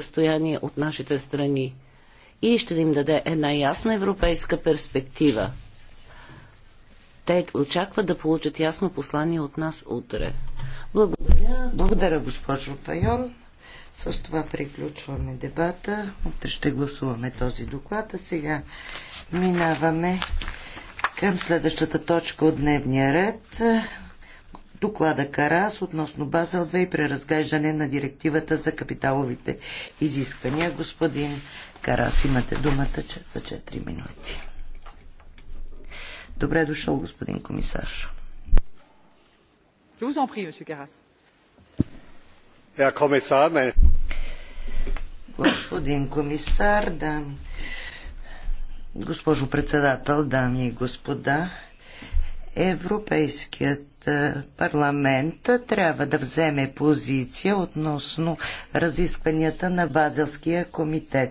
състояние от нашите страни и ще им даде една ясна европейска перспектива. Те очакват да получат ясно послание от нас утре. Благодаря. Благодаря, госпожо Файон. С това приключваме дебата. Утре ще гласуваме този доклад, а сега минаваме към следващата точка от дневния ред доклада Карас относно Базел 2 и преразглеждане на директивата за капиталовите изисквания. Господин Карас, имате думата за 4 минути. Добре дошъл, господин комисар. Господин комисар, да, госпожо председател, дами и господа, Европейският е, парламента трябва да вземе позиция относно разискванията на Базелския комитет.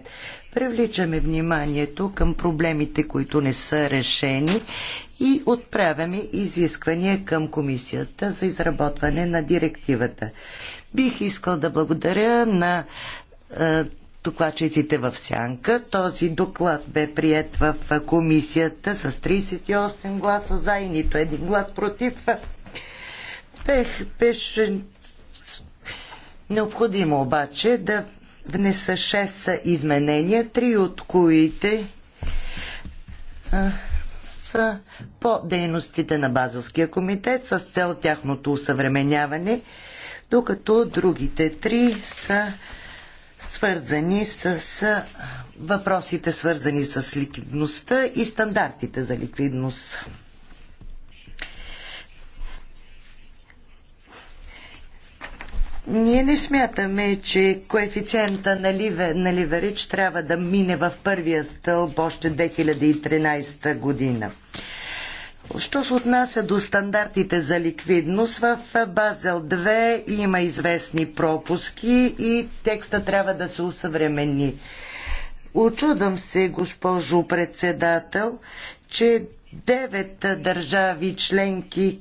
Привличаме вниманието към проблемите, които не са решени и отправяме изисквания към комисията за изработване на директивата. Бих искал да благодаря на е, докладчиците в сянка. Този доклад бе прият в комисията с 38 гласа за и нито един глас против успех беше необходимо обаче да внеса 6 изменения, три от които са по дейностите на Базовския комитет с цел тяхното усъвременяване, докато другите три са свързани с въпросите свързани с ликвидността и стандартите за ликвидност. Ние не смятаме, че коефициента на, ливе, на ливерич трябва да мине в първия стълб още 2013 година. Що се отнася до стандартите за ликвидност, в Базел 2 има известни пропуски и текста трябва да се усъвремени. Очудвам се, госпожо председател, че девет държави членки,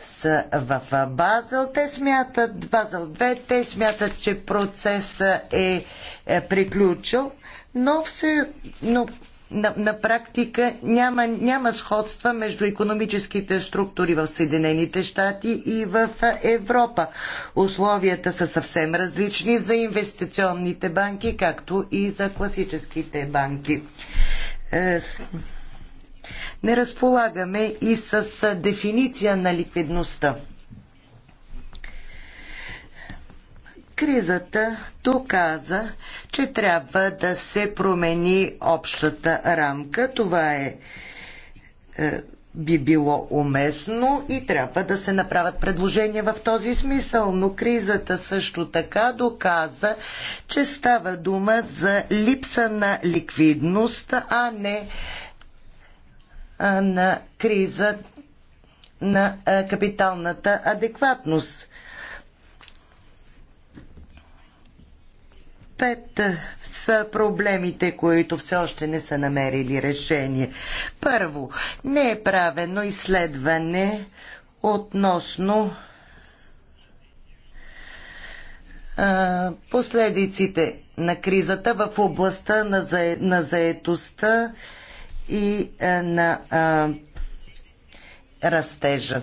са в Базел. Те смятат, Базел 2, те смятат, че процесът е, е приключил, но, все, но на, на практика няма, няма сходства между економическите структури в Съединените щати и в Европа. Условията са съвсем различни за инвестиционните банки, както и за класическите банки. Е, не разполагаме и с дефиниция на ликвидността. Кризата доказа, че трябва да се промени общата рамка. Това е, е би било уместно и трябва да се направят предложения в този смисъл. Но кризата също така доказа, че става дума за липса на ликвидност, а не на криза на капиталната адекватност. Пет са проблемите, които все още не са намерили решение. Първо, не е правено изследване относно последиците на кризата в областта на, заедостта и е, на растежа.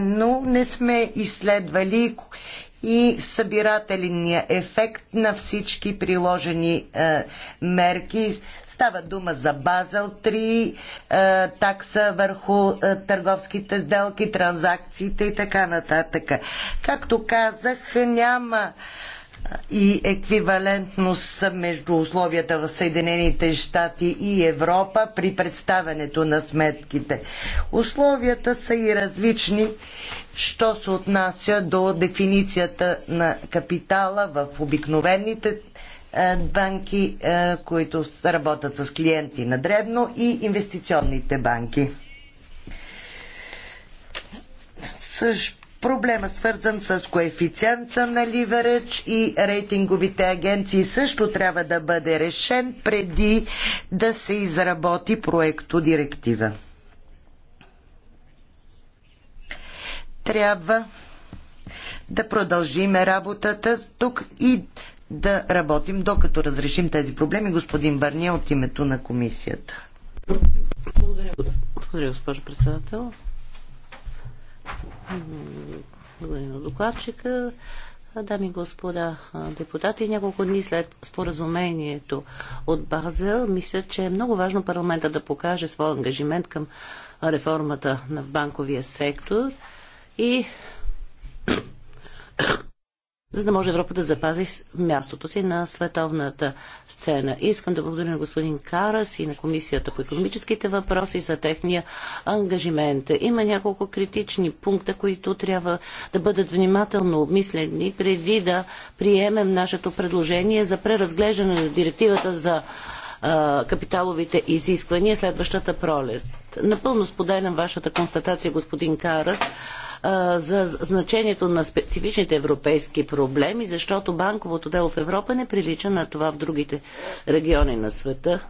но не сме изследвали и събирателния ефект на всички приложени е, мерки. Става дума за Базел 3, е, такса върху е, търговските сделки, транзакциите и така нататък. Както казах, няма е, и еквивалентност между условията в Съединените щати и Европа при представянето на сметките. Условията са и различни, що се отнася до дефиницията на капитала в обикновените е, банки, е, които работят с клиенти на дребно и инвестиционните банки. Също Проблема свързан с коефициента на ливереч и рейтинговите агенции също трябва да бъде решен преди да се изработи проекто директива. Трябва да продължиме работата тук и да работим, докато разрешим тези проблеми. Господин Барния от името на комисията. Благодаря, Благодаря госпожо председател докладчика. Дами и господа депутати, няколко дни след споразумението от Базел, мисля, че е много важно парламента да покаже своя ангажимент към реформата на банковия сектор и за да може Европа да запази мястото си на световната сцена. Искам да благодаря на господин Карас и на Комисията по економическите въпроси за техния ангажимент. Има няколко критични пункта, които трябва да бъдат внимателно обмислени преди да приемем нашето предложение за преразглеждане на директивата за капиталовите изисквания следващата пролест. Напълно споделям вашата констатация, господин Карас, за значението на специфичните европейски проблеми, защото банковото дело в Европа не прилича на това в другите региони на света.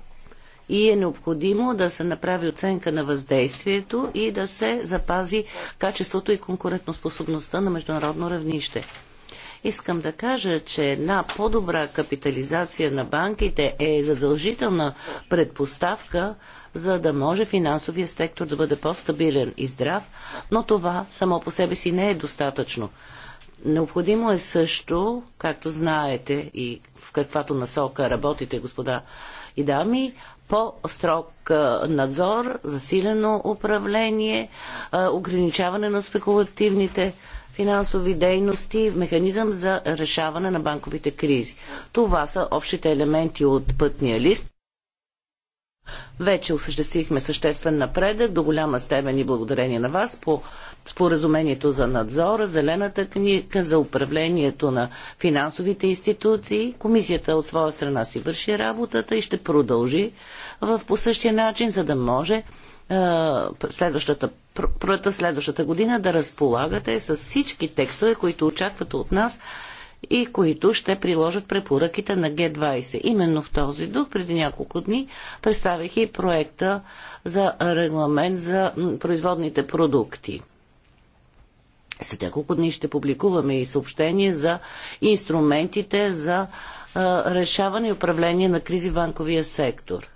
И е необходимо да се направи оценка на въздействието и да се запази качеството и конкурентоспособността на международно равнище. Искам да кажа, че една по-добра капитализация на банките е задължителна предпоставка за да може финансовия сектор да бъде по-стабилен и здрав, но това само по себе си не е достатъчно. Необходимо е също, както знаете и в каквато насока работите, господа и дами, по-строг надзор, засилено управление, ограничаване на спекулативните финансови дейности, механизъм за решаване на банковите кризи. Това са общите елементи от пътния лист. Вече осъществихме съществен напредък до голяма степен и благодарение на вас по споразумението за надзора, зелената книга за управлението на финансовите институции. Комисията от своя страна си върши работата и ще продължи в по същия начин, за да може следващата, пр- следващата година да разполагате с всички текстове, които очаквате от нас и които ще приложат препоръките на Г-20. Именно в този дух преди няколко дни представих и проекта за регламент за производните продукти. След няколко дни ще публикуваме и съобщение за инструментите за решаване и управление на кризи в банковия сектор.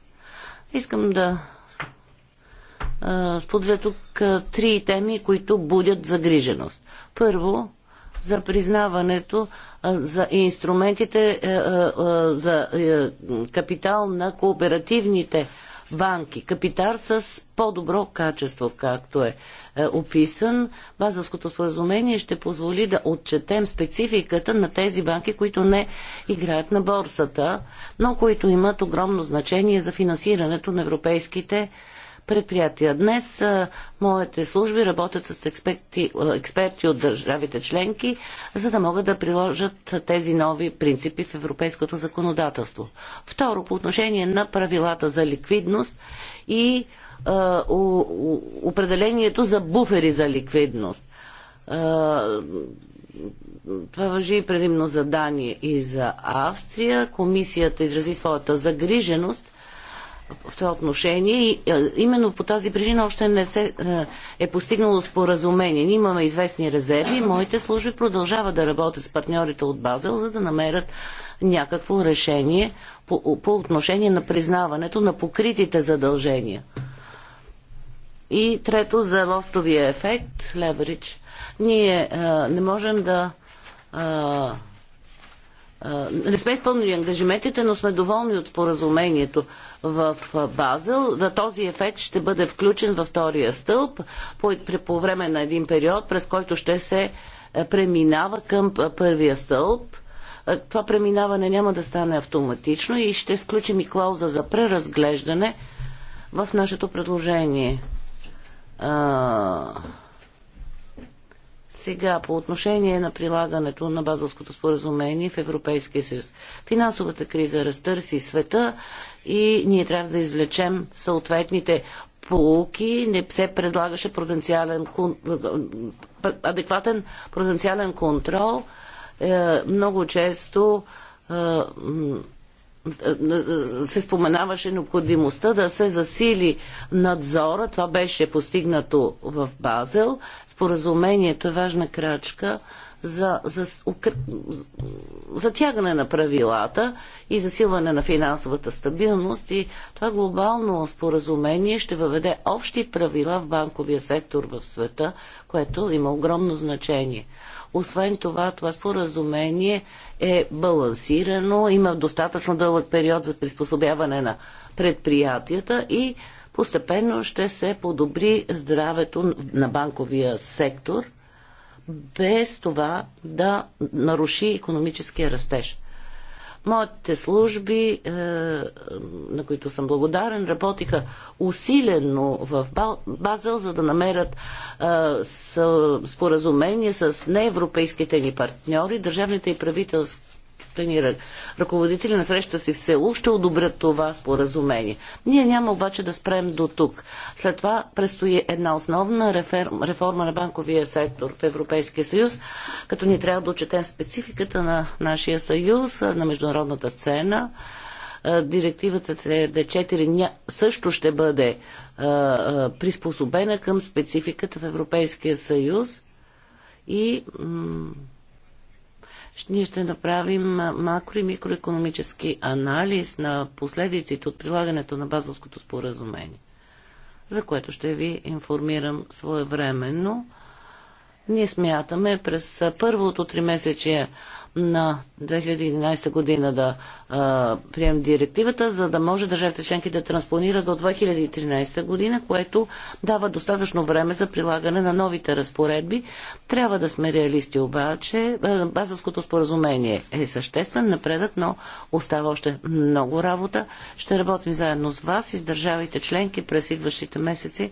Искам да споделя тук три теми, които будят загриженост. Първо, за признаването за инструментите е, е, е, за капитал на кооперативните банки. Капитал с по-добро качество, както е описан. Базовското споразумение ще позволи да отчетем спецификата на тези банки, които не играят на борсата, но които имат огромно значение за финансирането на европейските банки предприятия. Днес а, моите служби работят с експерти, експерти от държавите членки, за да могат да приложат тези нови принципи в европейското законодателство. Второ, по отношение на правилата за ликвидност и а, у, у, определението за буфери за ликвидност. А, това въжи предимно за Дания и за Австрия. Комисията изрази своята загриженост в това отношение и е, именно по тази причина още не се е, е постигнало споразумение. Ние имаме известни резерви и моите служби продължават да работят с партньорите от Базел, за да намерят някакво решение по, по отношение на признаването на покритите задължения. И трето за лостовия ефект, леверидж. Ние а, е, не можем да а, не сме изпълнили ангажиментите, но сме доволни от споразумението в Базел. Да този ефект ще бъде включен във втория стълб по, по време на един период, през който ще се преминава към първия стълб. Това преминаване няма да стане автоматично и ще включим и клауза за преразглеждане в нашето предложение. Сега, по отношение на прилагането на базовското споразумение в Европейския съюз. Финансовата криза разтърси света и ние трябва да извлечем съответните полуки. Не се предлагаше потенциален, адекватен потенциален контрол. Е, много често е, се споменаваше необходимостта да се засили надзора. Това беше постигнато в Базел. Споразумението е важна крачка за, за затягане на правилата и засилване на финансовата стабилност и това глобално споразумение ще въведе общи правила в банковия сектор в света, което има огромно значение. Освен това, това споразумение е балансирано, има достатъчно дълъг период за приспособяване на предприятията и постепенно ще се подобри здравето на банковия сектор, без това да наруши економическия растеж. Моите служби, е, на които съм благодарен, работиха усилено в Базел, за да намерят е, споразумение с неевропейските ни партньори, държавните и правителски ни ръководители на среща си в село ще одобрят това споразумение. Ние няма обаче да спрем до тук. След това предстои една основна реформа на банковия сектор в Европейския съюз, като ни трябва да отчетем спецификата на нашия съюз, на международната сцена е, директивата CD4 също ще бъде е, е, приспособена към спецификата в Европейския съюз и ние ще направим макро- и микроекономически анализ на последиците от прилагането на базовското споразумение, за което ще ви информирам своевременно. Ние смятаме през първото три месече на 2011 година да а, приемем директивата, за да може държавите членки да транспонират до 2013 година, което дава достатъчно време за прилагане на новите разпоредби. Трябва да сме реалисти обаче. Е, Базовското споразумение е съществен напредък, но остава още много работа. Ще работим заедно с вас и с държавите членки през идващите месеци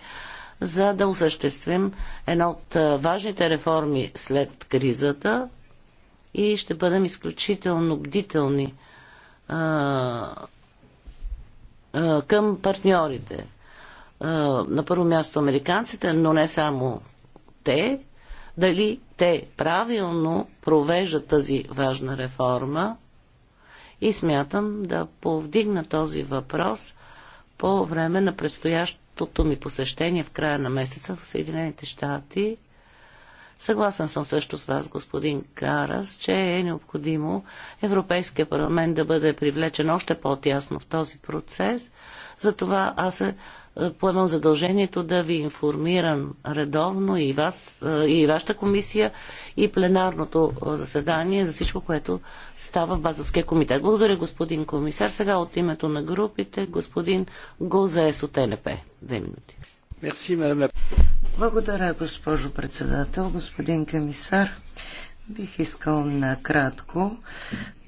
за да осъществим една от е, важните реформи след кризата, и ще бъдем изключително бдителни а, а, към партньорите. А, на първо място американците, но не само те. Дали те правилно провеждат тази важна реформа и смятам да повдигна този въпрос по време на предстоящото ми посещение в края на месеца в Съединените щати Съгласен съм също с вас, господин Карас, че е необходимо Европейския парламент да бъде привлечен още по-тясно в този процес. Затова аз се поемам задължението да ви информирам редовно и вас, е, и вашата комисия, и пленарното е, заседание за всичко, което става в базарския комитет. Благодаря, господин комисар. Сега от името на групите, господин Гозес от НП. Две минути. Благодаря, госпожо председател, господин комисар. Бих искал накратко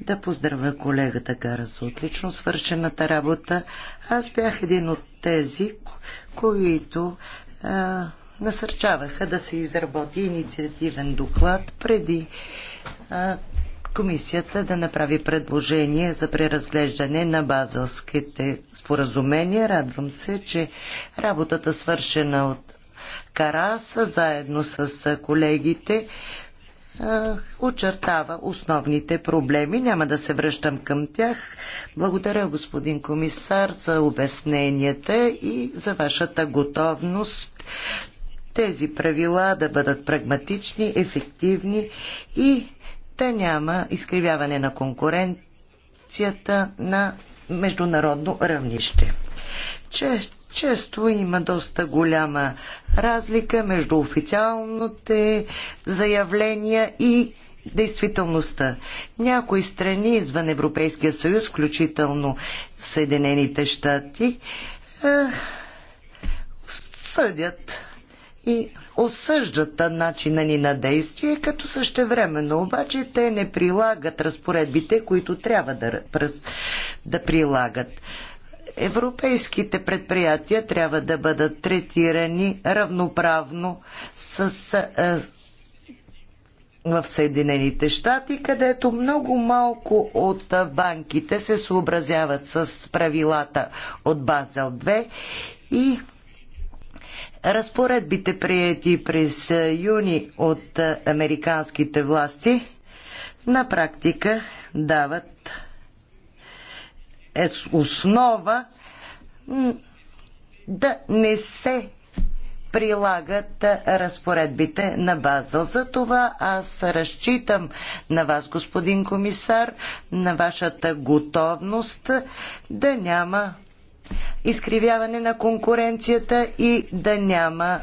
да поздравя колегата Гара за отлично свършената работа. Аз бях един от тези, които а, насърчаваха да се изработи инициативен доклад преди а, комисията да направи предложение за преразглеждане на базълските споразумения. Радвам се, че работата свършена от Караса заедно с колегите, очертава основните проблеми. Няма да се връщам към тях. Благодаря, господин комисар, за обясненията и за вашата готовност тези правила да бъдат прагматични, ефективни и да няма изкривяване на конкуренцията на международно равнище. Чест, често има доста голяма разлика между официалните заявления и действителността. Някои страни извън Европейския съюз, включително Съединените щати, е, съдят и осъждат начина ни на действие, като същевременно обаче те не прилагат разпоредбите, които трябва да, да прилагат. Европейските предприятия трябва да бъдат третирани равноправно с е, в Съединените щати, където много малко от банките се съобразяват с правилата от Базел 2 и Разпоредбите, приети през юни от американските власти, на практика дават е основа да не се прилагат разпоредбите на Базъл. За това аз разчитам на вас, господин комисар, на вашата готовност да няма изкривяване на конкуренцията и да няма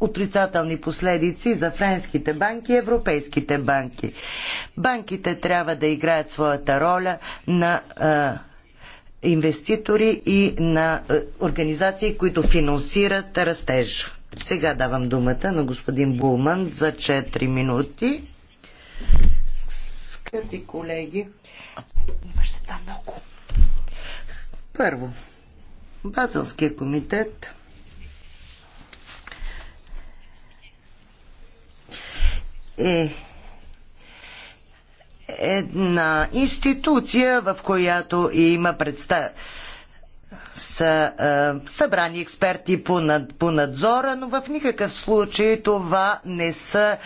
отрицателни последици за френските банки и европейските банки. Банките трябва да играят своята роля на а, инвеститори и на а, организации, които финансират растеж. Сега давам думата на господин Булман за 4 минути. Скъпи колеги, имаше там много. Първо, Базълския комитет е една институция, в която има представ са е, събрани експерти по, над, по надзора, но в никакъв случай това не са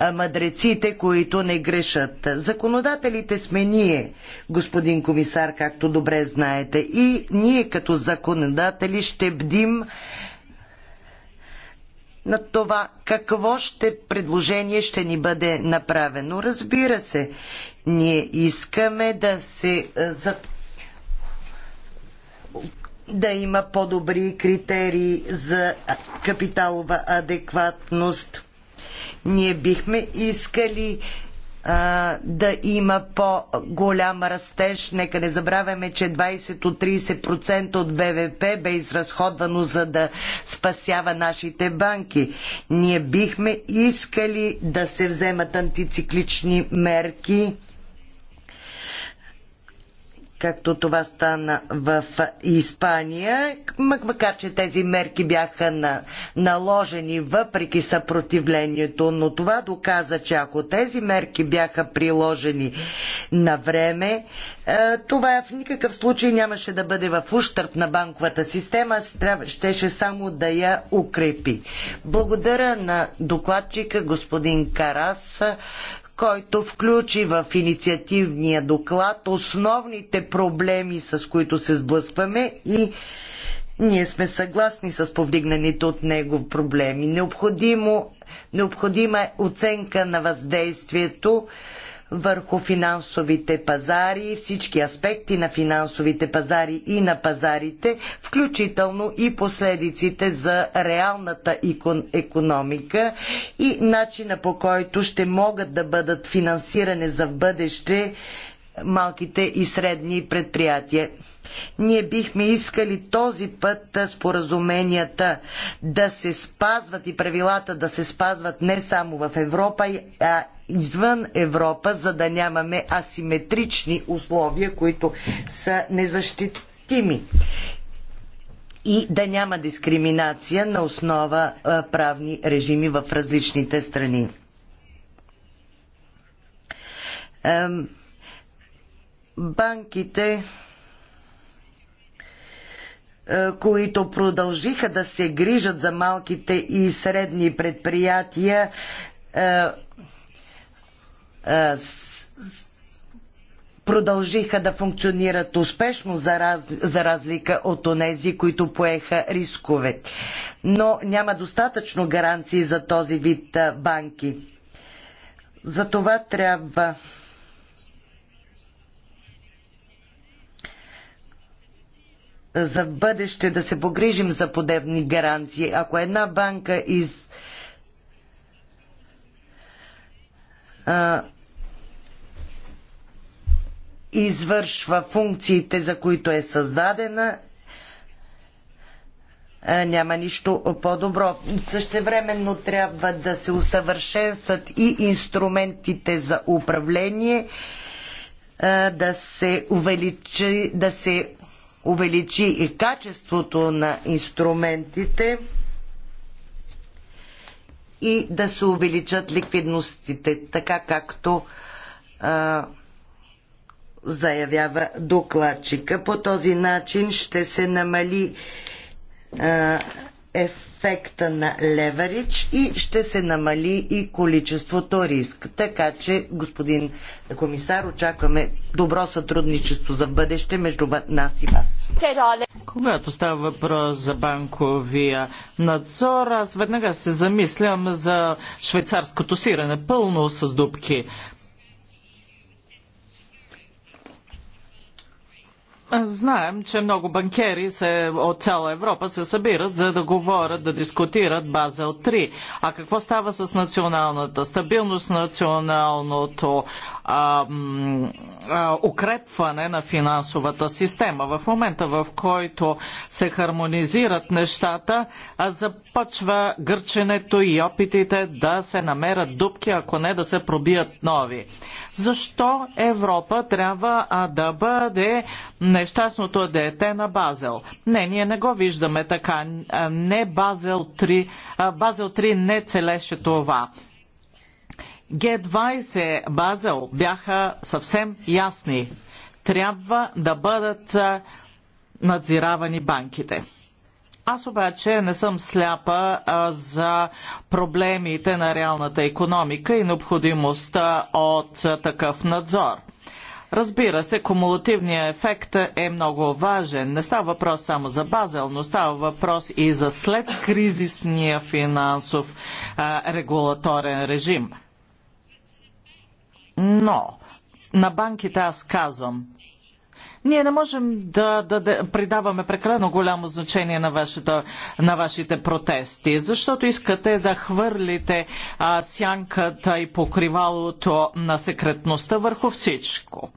е, мъдреците, които не грешат. Законодателите сме ние, господин комисар, както добре знаете. И ние като законодатели ще бдим на това какво ще предложение ще ни бъде направено. Разбира се, ние искаме да се е, за, да има по-добри критерии за капиталова адекватност. Ние бихме искали а, да има по-голям растеж. Нека не забравяме, че 20 30% от БВП бе изразходвано за да спасява нашите банки. Ние бихме искали да се вземат антициклични мерки както това стана в Испания, макар че тези мерки бяха на, наложени въпреки съпротивлението, но това доказа, че ако тези мерки бяха приложени на време, е, това в никакъв случай нямаше да бъде в ущърп на банковата система, щеше само да я укрепи. Благодаря на докладчика господин Карас, който включи в инициативния доклад основните проблеми, с които се сблъскваме и ние сме съгласни с повдигнаните от него проблеми. Необходимо, необходима е оценка на въздействието, върху финансовите пазари, всички аспекти на финансовите пазари и на пазарите, включително и последиците за реалната економика и начина по който ще могат да бъдат финансирани за бъдеще малките и средни предприятия. Ние бихме искали този път споразуменията да се спазват и правилата да се спазват не само в Европа, а извън Европа, за да нямаме асиметрични условия, които са незащитими и да няма дискриминация на основа правни режими в различните страни банките, е, които продължиха да се грижат за малките и средни предприятия, е, е, продължиха да функционират успешно за, раз, за разлика от онези, които поеха рискове. Но няма достатъчно гаранции за този вид банки. Затова трябва за бъдеще да се погрижим за подебни гаранции. Ако една банка из а, извършва функциите, за които е създадена, няма нищо по-добро. Същевременно трябва да се усъвършенстват и инструментите за управление, да се увеличи, да се увеличи и качеството на инструментите и да се увеличат ликвидностите, така както а, заявява докладчика. По този начин ще се намали а, ефекта на леверидж и ще се намали и количеството риск. Така че, господин комисар, очакваме добро сътрудничество за бъдеще между нас и вас. Когато става въпрос за банковия надзор, аз веднага се замислям за швейцарското сирене пълно с дубки. Знаем, че много банкери се, от цяла Европа се събират за да говорят, да дискутират Базел 3. А какво става с националната стабилност, националното а, а, укрепване на финансовата система? В момента, в който се хармонизират нещата, а започва гърченето и опитите да се намерят дупки, ако не да се пробият нови. Защо Европа трябва а, да бъде не нещастното дете на Базел. Не, ние не го виждаме така. Не Базел 3, Базел 3 не целеше това. Г20 Базел бяха съвсем ясни. Трябва да бъдат надзиравани банките. Аз обаче не съм сляпа а, за проблемите на реалната економика и необходимостта от а, такъв надзор. Разбира се, кумулативният ефект е много важен. Не става въпрос само за Базел, но става въпрос и за след кризисния финансов а, регулаторен режим. Но на банките аз казвам, ние не можем да, да, да придаваме прекалено голямо значение на, вашето, на вашите протести, защото искате да хвърлите а, сянката и покривалото на секретността върху всичко.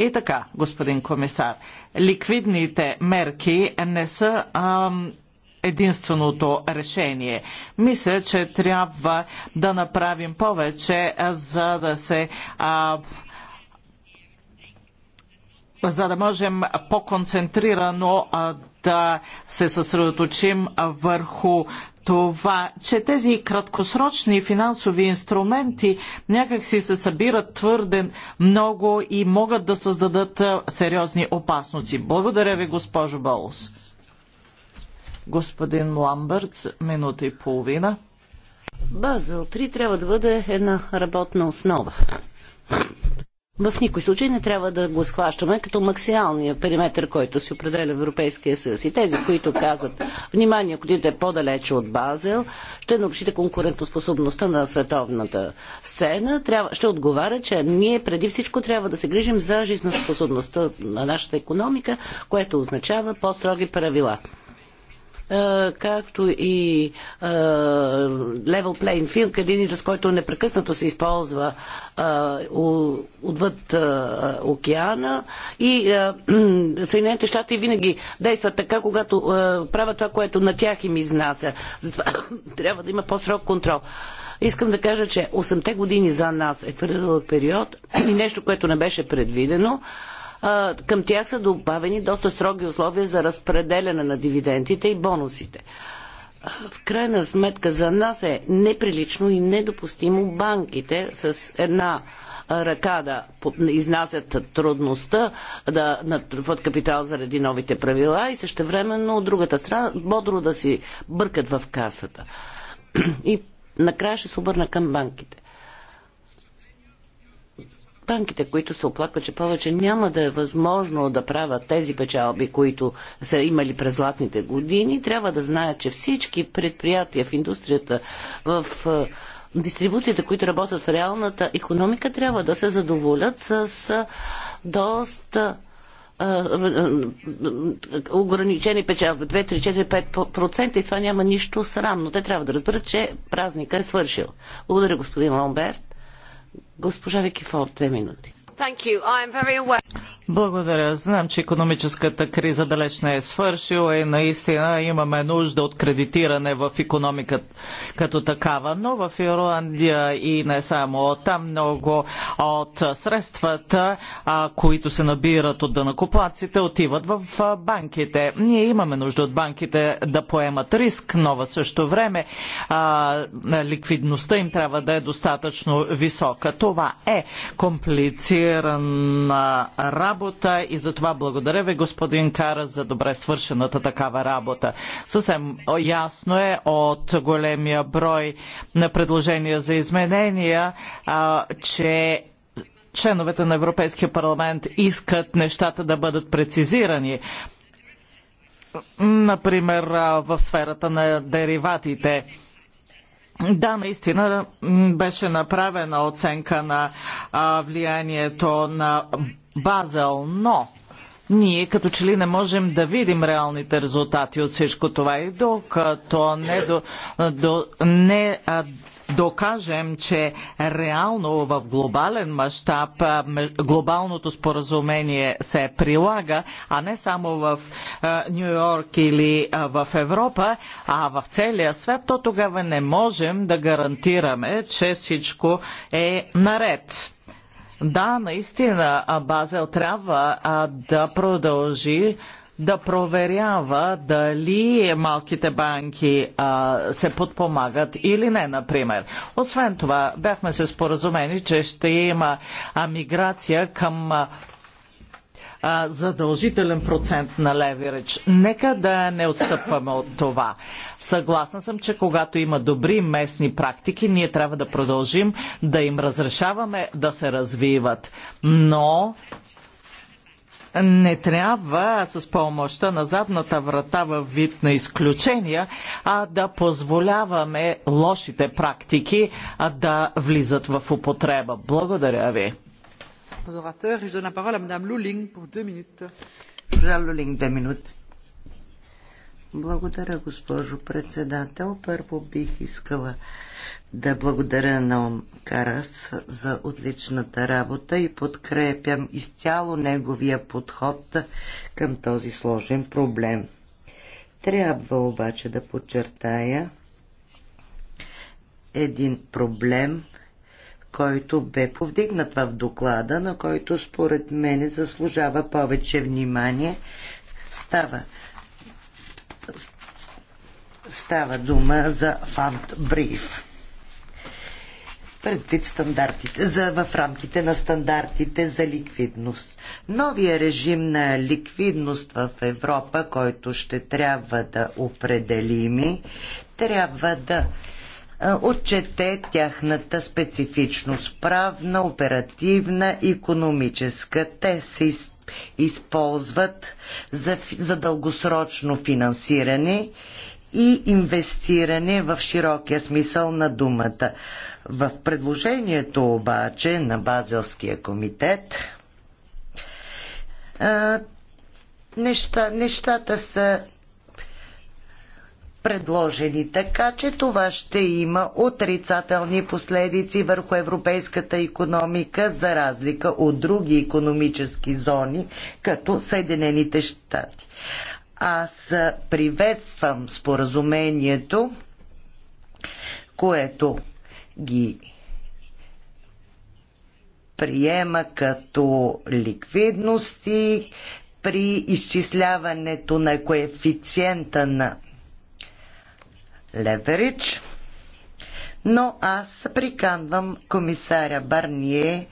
И така, господин комисар, ликвидните мерки не са ам, единственото решение. Мисля, че трябва да направим повече, за да се. А, за да можем по-концентрирано да се съсредоточим върху това, че тези краткосрочни финансови инструменти някак си се събират твърде много и могат да създадат сериозни опасности. Благодаря ви, госпожо Болс. Господин Ламбъртс, минута и половина. Базел 3 трябва да бъде една работна основа в никой случай не трябва да го схващаме като максималния периметр, който се определя Европейския съюз. И тези, които казват, внимание, ако идете по-далече от Базел, ще научите конкурентоспособността на световната сцена, трябва, ще отговаря, че ние преди всичко трябва да се грижим за жизнеспособността на нашата економика, което означава по-строги правила. Е, както и е, Level Playing Field, един израз, който непрекъснато се използва е, отвъд океана и Съединените щати винаги действат така, когато правят това, което на тях им изнася. Затова трябва да има по-срок контрол. Искам да кажа, че 8-те години за нас е твърде дълъг период и нещо, което не беше предвидено към тях са добавени доста строги условия за разпределяне на дивидендите и бонусите. В крайна сметка за нас е неприлично и недопустимо банките с една ръка да изнасят трудността да натрупват капитал заради новите правила и също времено от другата страна бодро да си бъркат в касата. И накрая ще се обърна към банките банките, които се оплакват, че повече няма да е възможно да правят тези печалби, които са имали през златните години, трябва да знаят, че всички предприятия в индустрията, в дистрибуцията, които работят в реалната економика, трябва да се задоволят с доста ограничени печалби 2, 3, 4, 5% и това няма нищо срамно. Те трябва да разберат, че празника е свършил. Благодаря, господин Ломберт. Госпожа Викифон, две минути. Благодаря. Знам, че економическата криза далеч не е свършила и наистина имаме нужда от кредитиране в економиката като такава, но в Ирландия и не само там много от средствата, които се набират от данакоплаците, отиват в банките. Ние имаме нужда от банките да поемат риск, но в същото време ликвидността им трябва да е достатъчно висока. Това е комплицирано балансирана работа и за това благодаря ви, господин Кара, за добре свършената такава работа. Съвсем ясно е от големия брой на предложения за изменения, че членовете на Европейския парламент искат нещата да бъдат прецизирани. Например, в сферата на дериватите да, наистина беше направена оценка на а, влиянието на Базел, но ние като че ли не можем да видим реалните резултати от всичко това и докато не, до, до, не а, докажем, че реално в глобален мащаб глобалното споразумение се прилага, а не само в Нью Йорк или в Европа, а в целия свят, то тогава не можем да гарантираме, че всичко е наред. Да, наистина Базел трябва да продължи да проверява дали малките банки а, се подпомагат или не, например. Освен това, бяхме се споразумени, че ще има а, миграция към а, задължителен процент на леверидж. Нека да не отстъпваме от това. Съгласна съм, че когато има добри местни практики, ние трябва да продължим да им разрешаваме да се развиват. Но не трябва с помощта на задната врата във вид на изключения, а да позволяваме лошите практики да влизат в употреба. Благодаря ви. Orateurs, et je donne la parole à Luling pour deux minutes. Luling, deux minutes. Благодаря, госпожо председател. Първо бих искала да благодаря на Ом Карас за отличната работа и подкрепям изцяло неговия подход към този сложен проблем. Трябва обаче да подчертая един проблем, който бе повдигнат в доклада, на който според мене заслужава повече внимание. Става става дума за фант бриф. Предвид стандартите, за в рамките на стандартите за ликвидност. Новия режим на ликвидност в Европа, който ще трябва да определим, трябва да отчете тяхната специфичност правна, оперативна, економическа. Те се използват за, за дългосрочно финансиране и инвестиране в широкия смисъл на думата. В предложението обаче на Базелския комитет неща, нещата са предложени. Така че това ще има отрицателни последици върху европейската економика, за разлика от други економически зони, като Съединените щати. Аз приветствам споразумението, което ги приема като ликвидности при изчисляването на коефициента на Леверич. Но аз приканвам комисаря Барние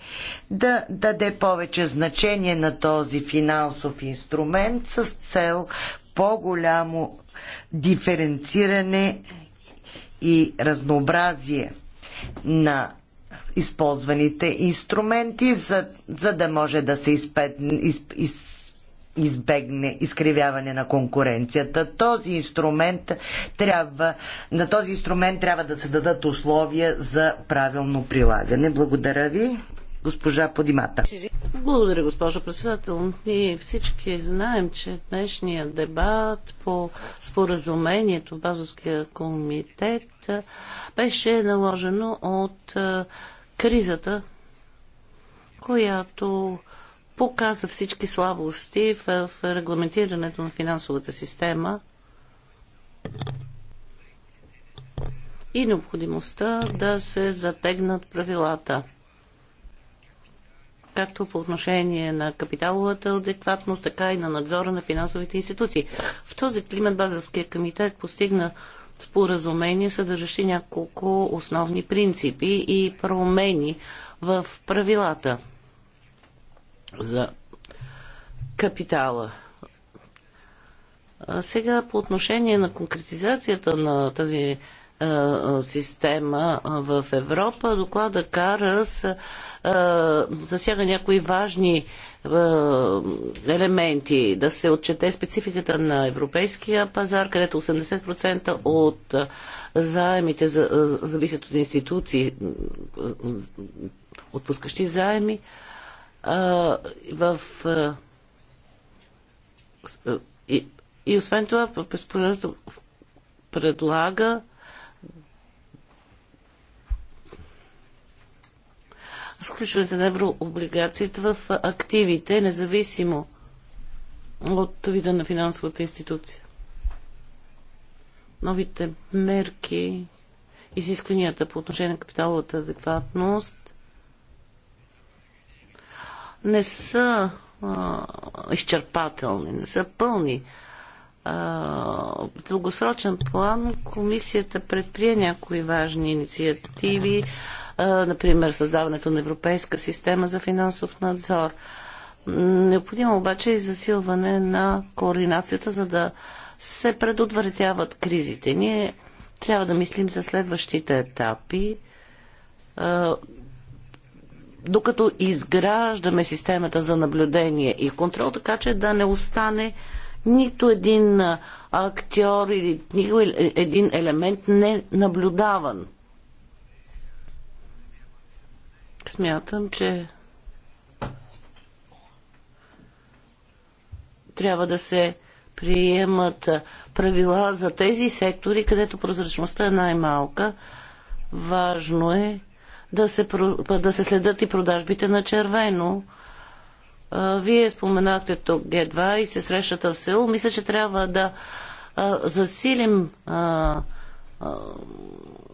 да даде повече значение на този финансов инструмент с цел по-голямо диференциране и разнообразие на използваните инструменти, за, за да може да се изпед, из, из, избегне изкривяване на конкуренцията. Този инструмент трябва, на този инструмент трябва да се дадат условия за правилно прилагане. Благодаря ви госпожа Подимата. Благодаря, госпожо председател. Ние всички знаем, че днешния дебат по споразумението в Базовския комитет беше наложено от кризата, която показа всички слабости в регламентирането на финансовата система и необходимостта да се затегнат правилата както по отношение на капиталовата адекватност, така и на надзора на финансовите институции. В този климат Базарския комитет постигна споразумение, съдържащи няколко основни принципи и промени в правилата за капитала. А сега по отношение на конкретизацията на тази е, система в Европа. Доклада Карас е, засяга някои важни е, елементи. Да се отчете спецификата на европейския пазар, където 80% от заемите зависят от институции, отпускащи заеми в и, и освен това, безпоръжно предлага Сключвате на еврооблигациите в активите, независимо от вида на финансовата институция. Новите мерки, изискванията по отношение на капиталовата адекватност не са а, изчерпателни, не са пълни. А, в дългосрочен план комисията предприе някои важни инициативи, а, например създаването на Европейска система за финансов надзор. Необходимо обаче и засилване на координацията, за да се предотвратяват кризите. Ние трябва да мислим за следващите етапи докато изграждаме системата за наблюдение и контрол, така че да не остане нито един актьор или нито един елемент не наблюдаван. Смятам, че трябва да се приемат правила за тези сектори, където прозрачността е най-малка. Важно е да се, да се следат и продажбите на червено. Вие споменахте тук Г2 и се срещата в село. Мисля, че трябва да засилим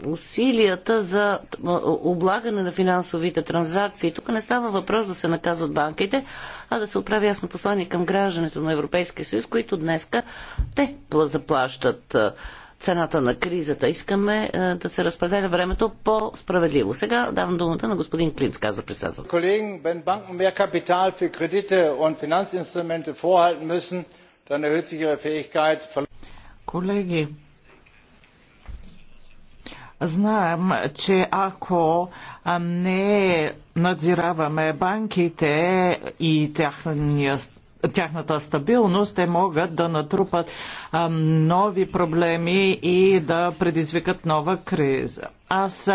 усилията за облагане на финансовите транзакции. Тук не става въпрос да се наказват банките, а да се отправи ясно послание към гражданите на Европейския съюз, които днеска те заплащат цената на кризата. Искаме а, е, да се разпределя времето по-справедливо. Сега давам думата на господин Клинц, казва председател. Колеги, wenn Banken mehr Kapital für Kredite und Finanzinstrumente vorhalten müssen, dann erhöht sich ihre Fähigkeit. Колеги, знаем, че ако не надзираваме банките и тяхния тяхната стабилност, те могат да натрупат а, нови проблеми и да предизвикат нова криза. Аз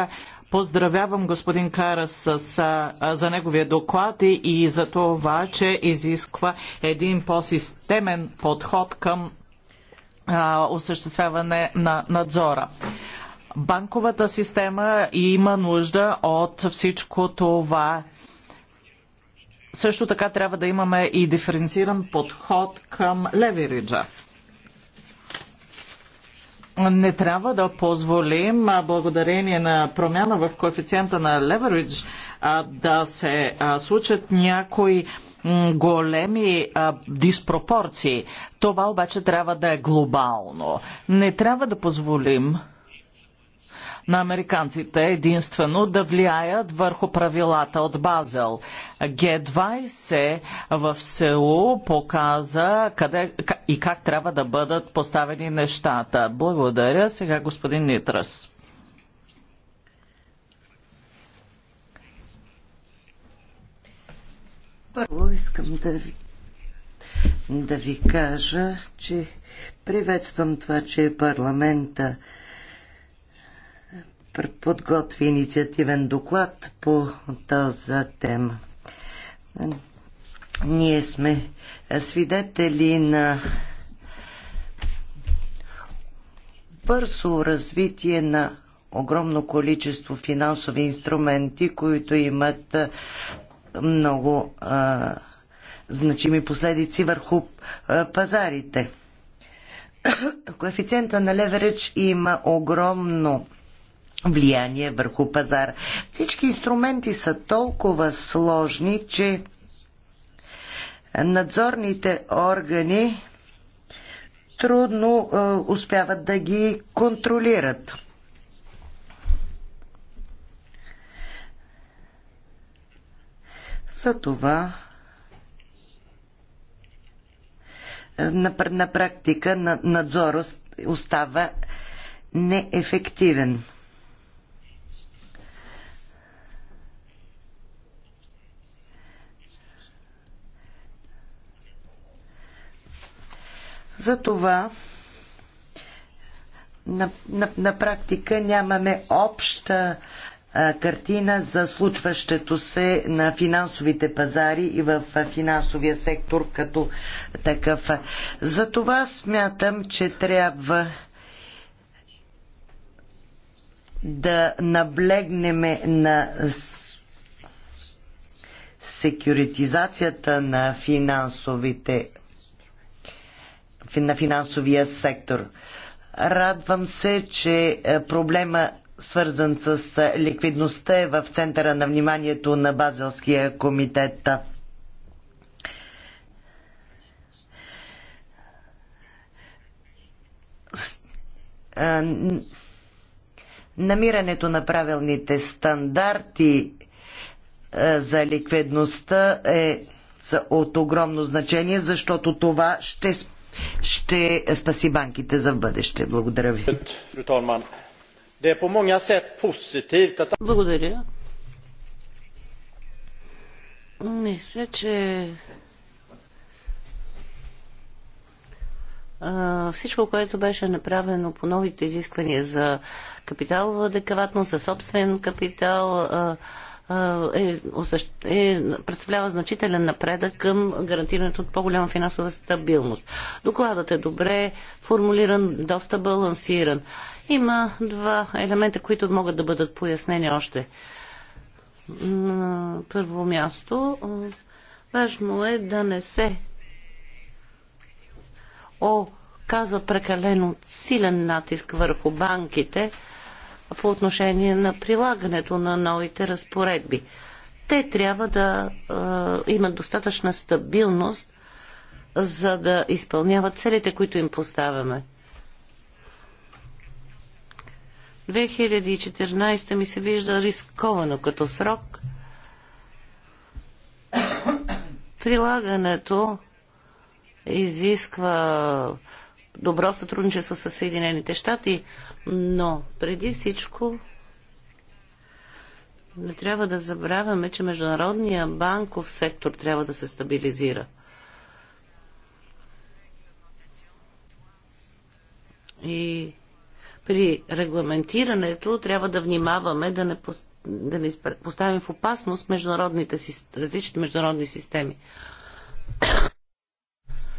Поздравявам господин Карас с, за неговия доклад и, и за това, че изисква един по-системен подход към а, осъществяване на надзора. Банковата система има нужда от всичко това, също така трябва да имаме и диференциран подход към левериджа. Не трябва да позволим, благодарение на промяна в коефициента на леверидж, да се случат някои големи а, диспропорции. Това обаче трябва да е глобално. Не трябва да позволим на американците единствено да влияят върху правилата от Базел. Г-20 в село показа къде и как трябва да бъдат поставени нещата. Благодаря. Сега господин Нитрас. Първо искам да ви, да ви кажа, че приветствам това, че парламента подготви инициативен доклад по тази тема. Ние сме свидетели на бързо развитие на огромно количество финансови инструменти, които имат много а, значими последици върху а, пазарите. Коефициента на леверидж има огромно влияние върху пазара. Всички инструменти са толкова сложни, че надзорните органи трудно е, успяват да ги контролират. това е, на, на практика надзорът остава неефективен. Затова на, на, на практика нямаме обща а, картина за случващето се на финансовите пазари и в а, финансовия сектор като такъв. За това смятам, че трябва да наблегнеме на секюритизацията на финансовите на финансовия сектор. Радвам се, че е, проблема свързан с е, ликвидността е в центъра на вниманието на Базелския комитет. Е, намирането на правилните стандарти за ликвидността е от огромно значение, защото това ще спи ще спаси банките за в бъдеще. Благодаря ви. Благодаря. Мисля, че всичко, което беше направено по новите изисквания за капиталова адекватност, за собствен капитал, е, е, представлява значителен напредък към гарантирането от по-голяма финансова стабилност. Докладът е добре формулиран, доста балансиран. Има два елемента, които могат да бъдат пояснени още. На първо място, важно е да не се оказва прекалено силен натиск върху банките, по отношение на прилагането на новите разпоредби. Те трябва да е, имат достатъчна стабилност, за да изпълняват целите, които им поставяме. 2014 ми се вижда рисковано като срок. Прилагането изисква добро сътрудничество с Съединените щати. Но преди всичко не трябва да забравяме, че международния банков сектор трябва да се стабилизира. И при регламентирането трябва да внимаваме да не, да не поставим в опасност международните, различните международни системи.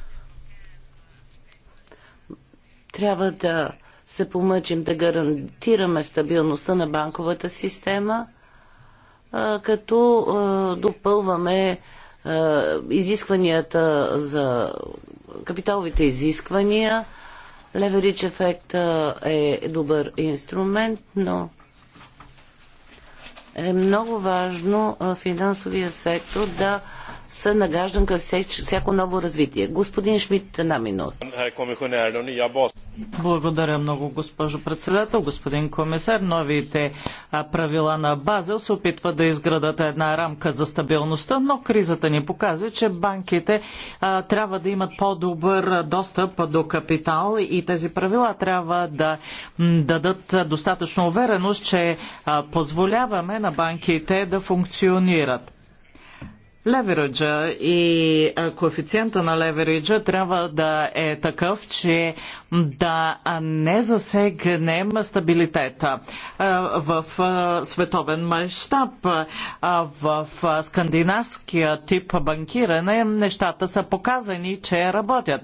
Трябва да се помъчим да гарантираме стабилността на банковата система, като допълваме изискванията за капиталовите изисквания. Леверич ефекта е добър инструмент, но е много важно финансовия сектор да са нагаждан към всяко ново развитие. Господин Шмидт, една минута. Благодаря много, госпожо председател. Господин комисар, новите правила на Базел се опитват да изградат една рамка за стабилността, но кризата ни показва, че банките а, трябва да имат по-добър достъп до капитал и тези правила трябва да дадат достатъчно увереност, че а, позволяваме на банките да функционират левериджа и коефициента на левериджа трябва да е такъв, че да не засегнем стабилитета в световен мащаб. В скандинавския тип банкиране нещата са показани, че работят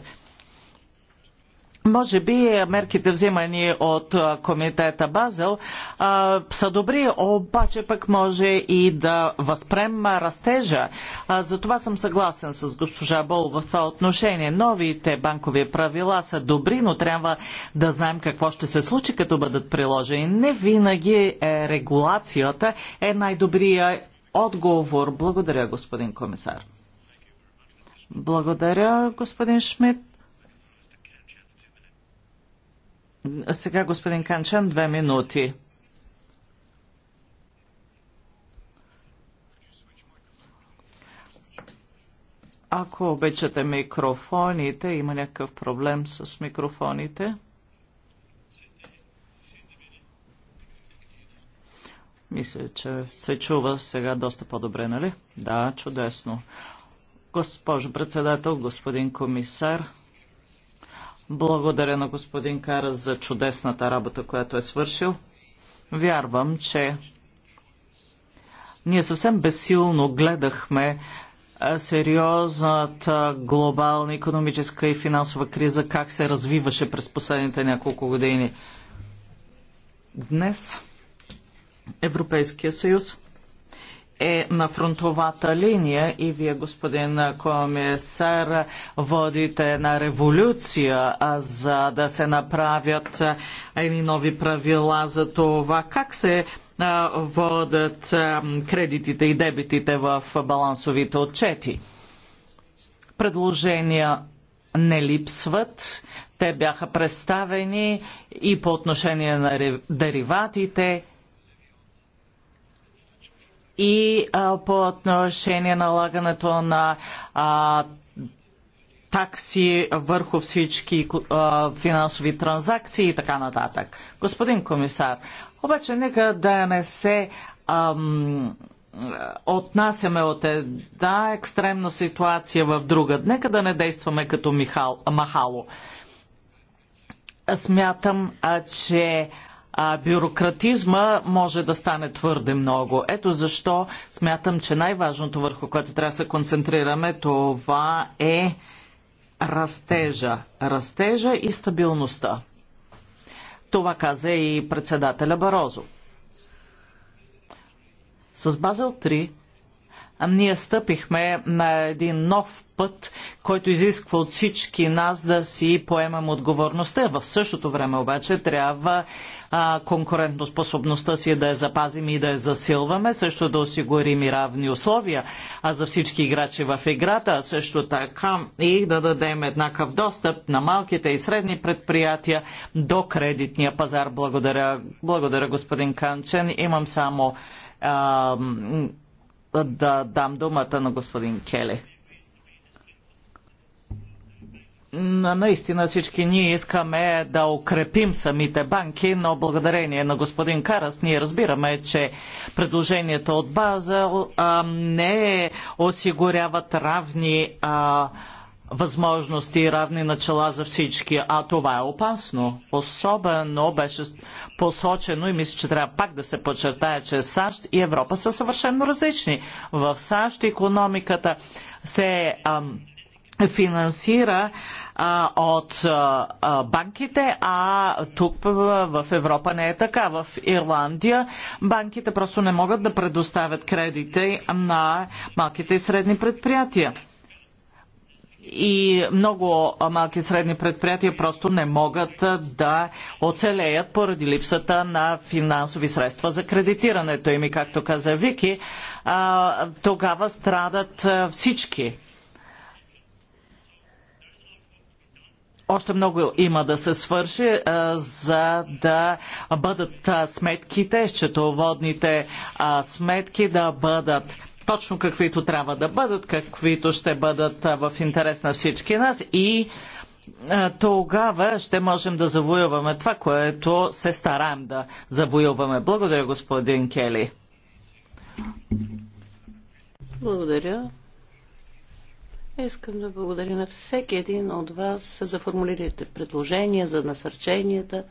може би мерките взимани от комитета Базел а, са добри, обаче пък може и да възпрем растежа. А, за това съм съгласен с госпожа Бол в това отношение. Новите банкови правила са добри, но трябва да знаем какво ще се случи, като бъдат приложени. Не винаги е, регулацията е най-добрия отговор. Благодаря, господин комисар. Благодаря, господин Шмидт. Сега господин Канчан, две минути. Ако обичате микрофоните, има някакъв проблем с микрофоните? Мисля, че се чува сега доста по-добре, нали? Да, чудесно. Госпожо председател, господин комисар, благодаря на господин Карас за чудесната работа, която е свършил. Вярвам, че ние съвсем безсилно гледахме сериозната глобална економическа и финансова криза как се развиваше през последните няколко години. Днес Европейския съюз е на фронтовата линия и вие, господин комисар, водите една революция, а за да се направят едни нови правила за това как се водят кредитите и дебитите в балансовите отчети. Предложения не липсват. Те бяха представени и по отношение на дериватите, и а, по отношение налагането на а, такси върху всички а, финансови транзакции и така нататък. Господин комисар, обаче нека да не се ам, отнасяме от една екстремна ситуация в друга. Нека да не действаме като Михал, Махало. Смятам, а, че а, бюрократизма може да стане твърде много. Ето защо смятам, че най-важното върху което трябва да се концентрираме това е растежа. Растежа и стабилността. Това каза и председателя Барозо. С Базел ние стъпихме на един нов път, който изисква от всички нас да си поемем отговорността. В същото време обаче трябва а, конкурентоспособността си да я запазим и да я засилваме, също да осигурим и равни условия а за всички играчи в играта, а също така и да дадем еднакъв достъп на малките и средни предприятия до кредитния пазар. Благодаря, благодаря господин Канчен. Имам само а, да дам думата на господин Келе. Наистина всички ние искаме да укрепим самите банки, но благодарение на господин Карас ние разбираме, че предложението от Базел а, не осигуряват равни а, възможности и равни начала за всички, а това е опасно. Особено беше посочено и мисля, че трябва пак да се подчертая, че САЩ и Европа са съвършенно различни. В САЩ економиката се ам, финансира а, от а, банките, а тук в Европа не е така. В Ирландия банките просто не могат да предоставят кредити на малките и средни предприятия и много малки и средни предприятия просто не могат да оцелеят поради липсата на финансови средства за кредитирането им. И както каза Вики, тогава страдат всички. Още много има да се свърши, за да бъдат сметките, счетоводните сметки да бъдат точно каквито трябва да бъдат, каквито ще бъдат в интерес на всички нас и тогава ще можем да завоюваме това, което се стараем да завоюваме. Благодаря, господин Кели. Благодаря. Искам да благодаря на всеки един от вас за формулираните предложения, за насърченията,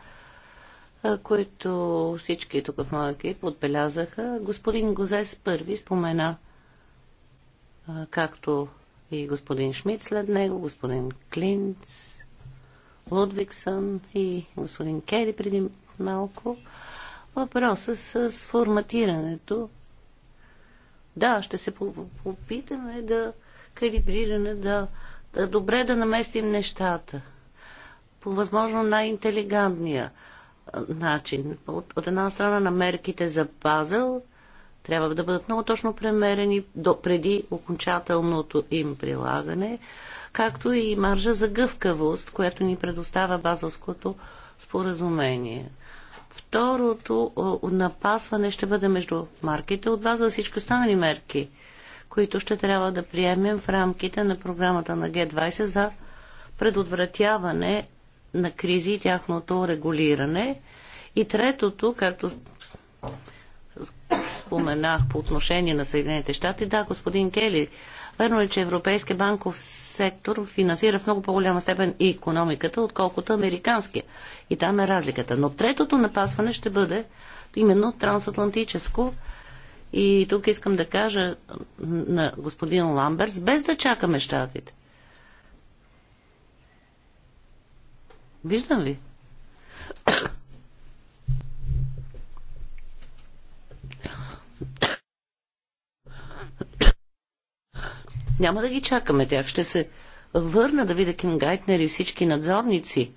които всички тук в моя екип отбелязаха. Господин Гозес първи спомена както и господин Шмидт след него, господин Клинц, Лудвиксън и господин Кери преди малко. Въпроса с форматирането. Да, ще се попитаме да калибрираме, да, да добре да наместим нещата по възможно най-интелигантния начин. От, от една страна на мерките за пазъл – трябва да бъдат много точно премерени до, преди окончателното им прилагане, както и маржа за гъвкавост, която ни предоставя базовското споразумение. Второто напасване ще бъде между марките от база за всички останали мерки, които ще трябва да приемем в рамките на програмата на Г20 за предотвратяване на кризи и тяхното регулиране. И третото, както споменах по отношение на Съединените щати. Да, господин Кели, верно е, че Европейския банков сектор финансира в много по-голяма степен и економиката, отколкото американския. И там е разликата. Но третото напасване ще бъде именно трансатлантическо. И тук искам да кажа на господин Ламберс, без да чакаме щатите. Виждам ви. Няма да ги чакаме тя Ще се върна да видя Ким Гайтнер и всички надзорници.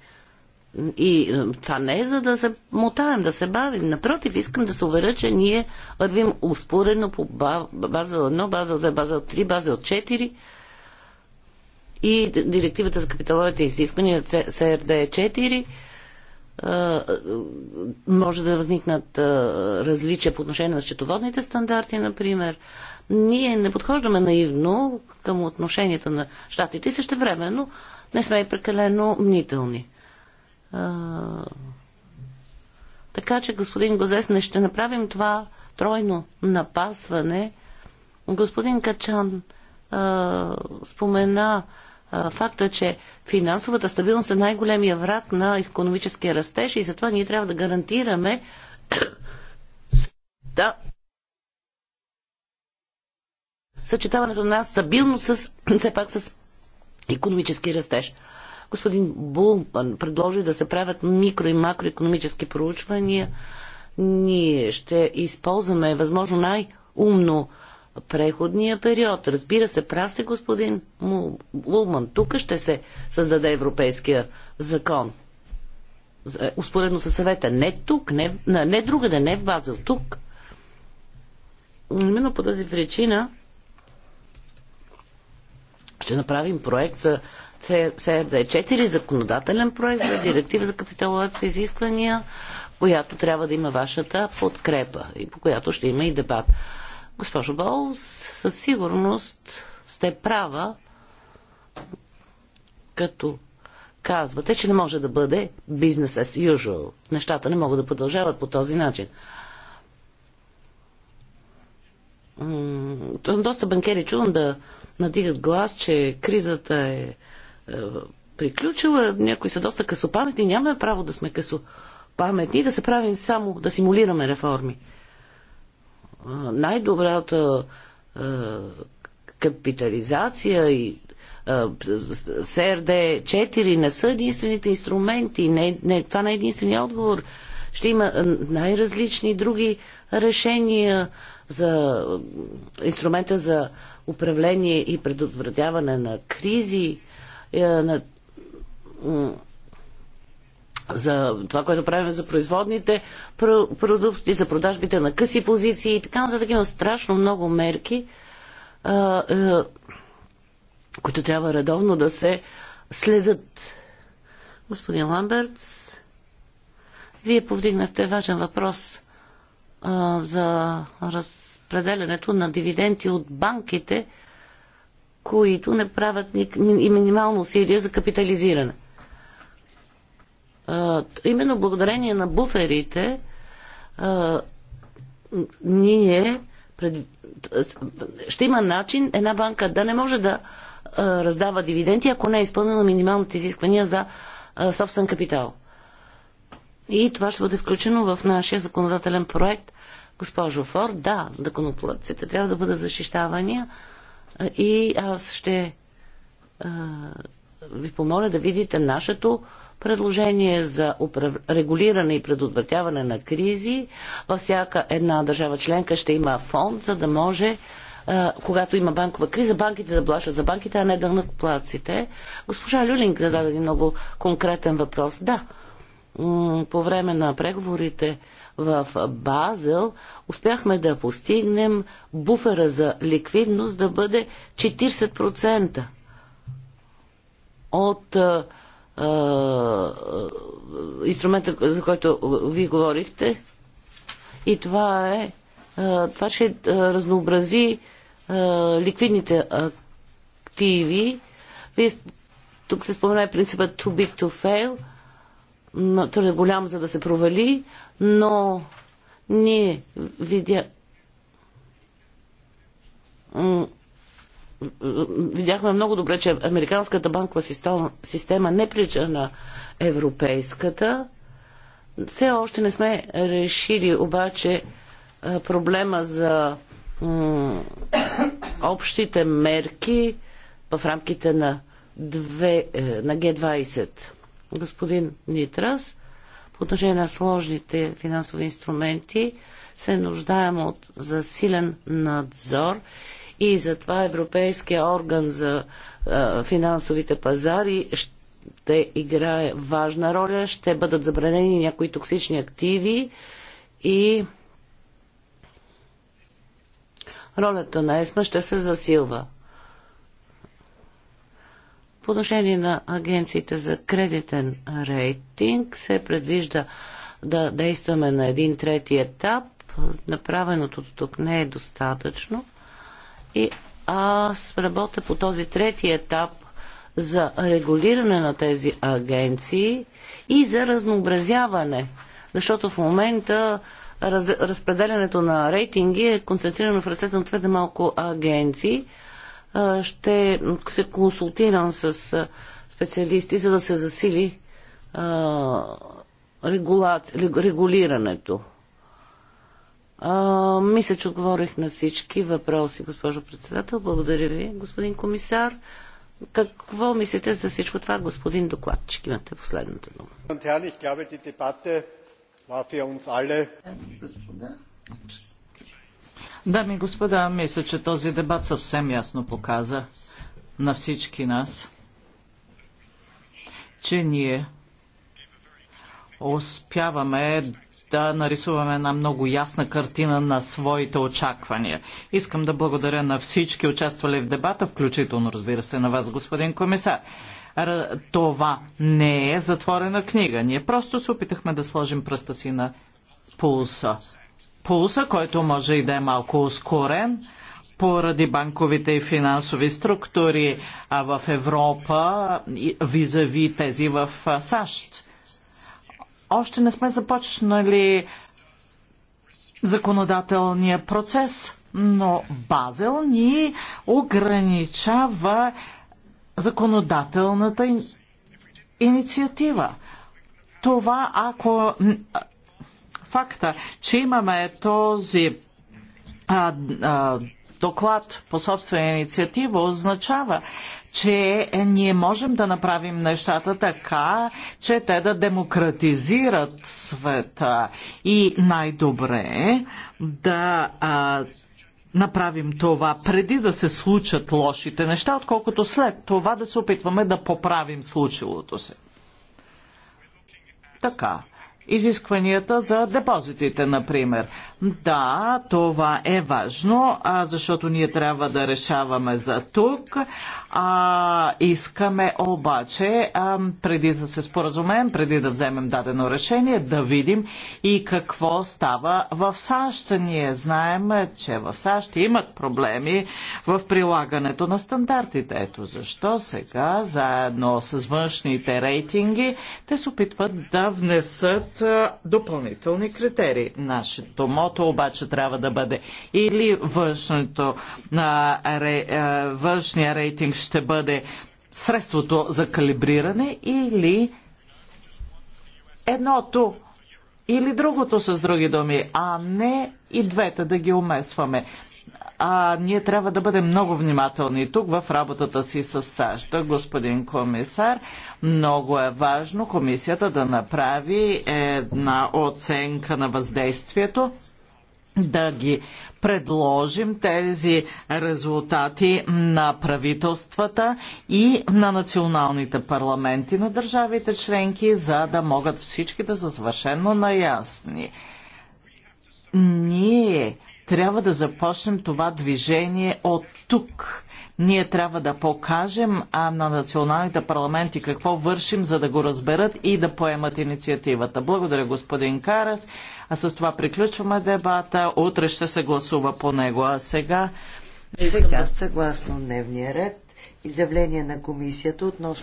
И е, това не е за да се мутаем, да се бавим. Напротив, искам да се уверя, че ние вървим успоредно по база 1, база 2, база 3, база 4 и директивата за капиталовите изисквания СРД 4 е е, може да възникнат различия по отношение на счетоводните стандарти, например. Ние не подхождаме наивно към отношенията на щатите и също времено не сме и прекалено мнителни. А... Така че, господин Гозес, не ще направим това тройно напасване. Господин Качан а, спомена а, факта, че финансовата стабилност е най-големия враг на економическия растеж и затова ние трябва да гарантираме да, съчетаването на стабилност с, все пак с економически растеж. Господин Булман предложи да се правят микро и макроекономически проучвания. Ние ще използваме възможно най-умно преходния период. Разбира се, прасте господин Булман. Тук ще се създаде европейския закон. Успоредно със съвета. Не тук, не, не другаде, не в Базел. Тук. Именно по тази причина ще направим проект за CRD4, законодателен проект за директива за капиталовите изисквания, която трябва да има вашата подкрепа и по която ще има и дебат. Госпожо Болс, със сигурност сте права, като казвате, че не може да бъде бизнес as usual. Нещата не могат да продължават по този начин доста банкери чувам да надигат глас, че кризата е, е, приключила, някои са доста късопаметни, нямаме право да сме късопаметни и да се правим само, да симулираме реформи. Най-добрата е, капитализация и е, СРД-4 не са единствените инструменти, не, не, това не е единствения отговор. Ще има най-различни други решения, за инструмента за управление и предотвратяване на кризи, е, на, за това, което правим за производните продукти, за продажбите на къси позиции и така нататък. Има страшно много мерки, е, които трябва редовно да се следят. Господин Ламбертс, вие повдигнахте важен въпрос а, за разпределянето на дивиденти от банките, които не правят ни, и минимално усилие за капитализиране. А, именно благодарение на буферите а, ние пред... ще има начин една банка да не може да раздава дивиденти, ако не е изпълнена минималните изисквания за собствен капитал. И това ще бъде включено в нашия законодателен проект. Госпожо Форд, да, законоплатците трябва да бъдат защищавани и аз ще а, ви помоля да видите нашето предложение за управ... регулиране и предотвратяване на кризи. Във всяка една държава членка ще има фонд, за да може когато има банкова криза, банките да плащат за банките, а не дълнакоплаците. Госпожа Люлинг зададе един много конкретен въпрос. Да, по време на преговорите в Базел успяхме да постигнем буфера за ликвидност да бъде 40% от а, а, инструмента, за който ви говорихте. И това е а, това ще разнообрази а, ликвидните активи. Вие тук се спомена принципът too big to fail – е голям, за да се провали, но ние видя... видяхме много добре, че американската банкова система не прилича на европейската. Все още не сме решили обаче проблема за общите мерки в рамките на, 2, е, на Г20 господин Нитрас. По отношение на сложните финансови инструменти се нуждаем от засилен надзор и затова Европейския орган за а, финансовите пазари ще играе важна роля. Ще бъдат забранени някои токсични активи и ролята на ЕСМА ще се засилва. По отношение на агенциите за кредитен рейтинг се предвижда да действаме на един трети етап. Направеното тук не е достатъчно. И аз работя по този трети етап за регулиране на тези агенции и за разнообразяване. Защото в момента разпределянето на рейтинги е концентрирано в ръцете на твърде малко агенции – ще се консултирам с специалисти, за да се засили регулирането. А, мисля, че отговорих на всички въпроси, госпожо председател. Благодаря ви, господин комисар. Какво мислите за всичко това, господин докладчик? Имате последната дума. Господа, Дами и господа, мисля, че този дебат съвсем ясно показа на всички нас, че ние успяваме да нарисуваме една много ясна картина на своите очаквания. Искам да благодаря на всички участвали в дебата, включително, разбира се, на вас, господин комисар. Това не е затворена книга. Ние просто се опитахме да сложим пръста си на пулса пулса, който може и да е малко ускорен поради банковите и финансови структури а в Европа визави тези в САЩ. Още не сме започнали законодателния процес, но Базел ни ограничава законодателната инициатива. Това, ако факта, че имаме този а, а, доклад по собствена инициатива означава, че ние можем да направим нещата така, че те да демократизират света и най-добре да а, направим това преди да се случат лошите неща, отколкото след това да се опитваме да поправим случилото се. Така изискванията за депозитите, например. Да, това е важно, а, защото ние трябва да решаваме за тук. А, искаме обаче, а, преди да се споразумеем, преди да вземем дадено решение, да видим и какво става в САЩ. Ние знаем, че в САЩ имат проблеми в прилагането на стандартите. Ето защо сега, заедно с външните рейтинги, те се опитват да внесат въвеждат допълнителни критерии. Нашето мото обаче трябва да бъде или външното, външния рейтинг ще бъде средството за калибриране или едното или другото с други думи, а не и двете да ги умесваме а, ние трябва да бъдем много внимателни тук в работата си с САЩ. Господин комисар, много е важно комисията да направи една оценка на въздействието да ги предложим тези резултати на правителствата и на националните парламенти на държавите членки, за да могат всички да са съвършено наясни. Ние трябва да започнем това движение от тук. Ние трябва да покажем а на националните парламенти какво вършим, за да го разберат и да поемат инициативата. Благодаря, господин Карас. А с това приключваме дебата. Утре ще се гласува по него. А сега... Сега, съгласно дневния ред, изявление на комисията относно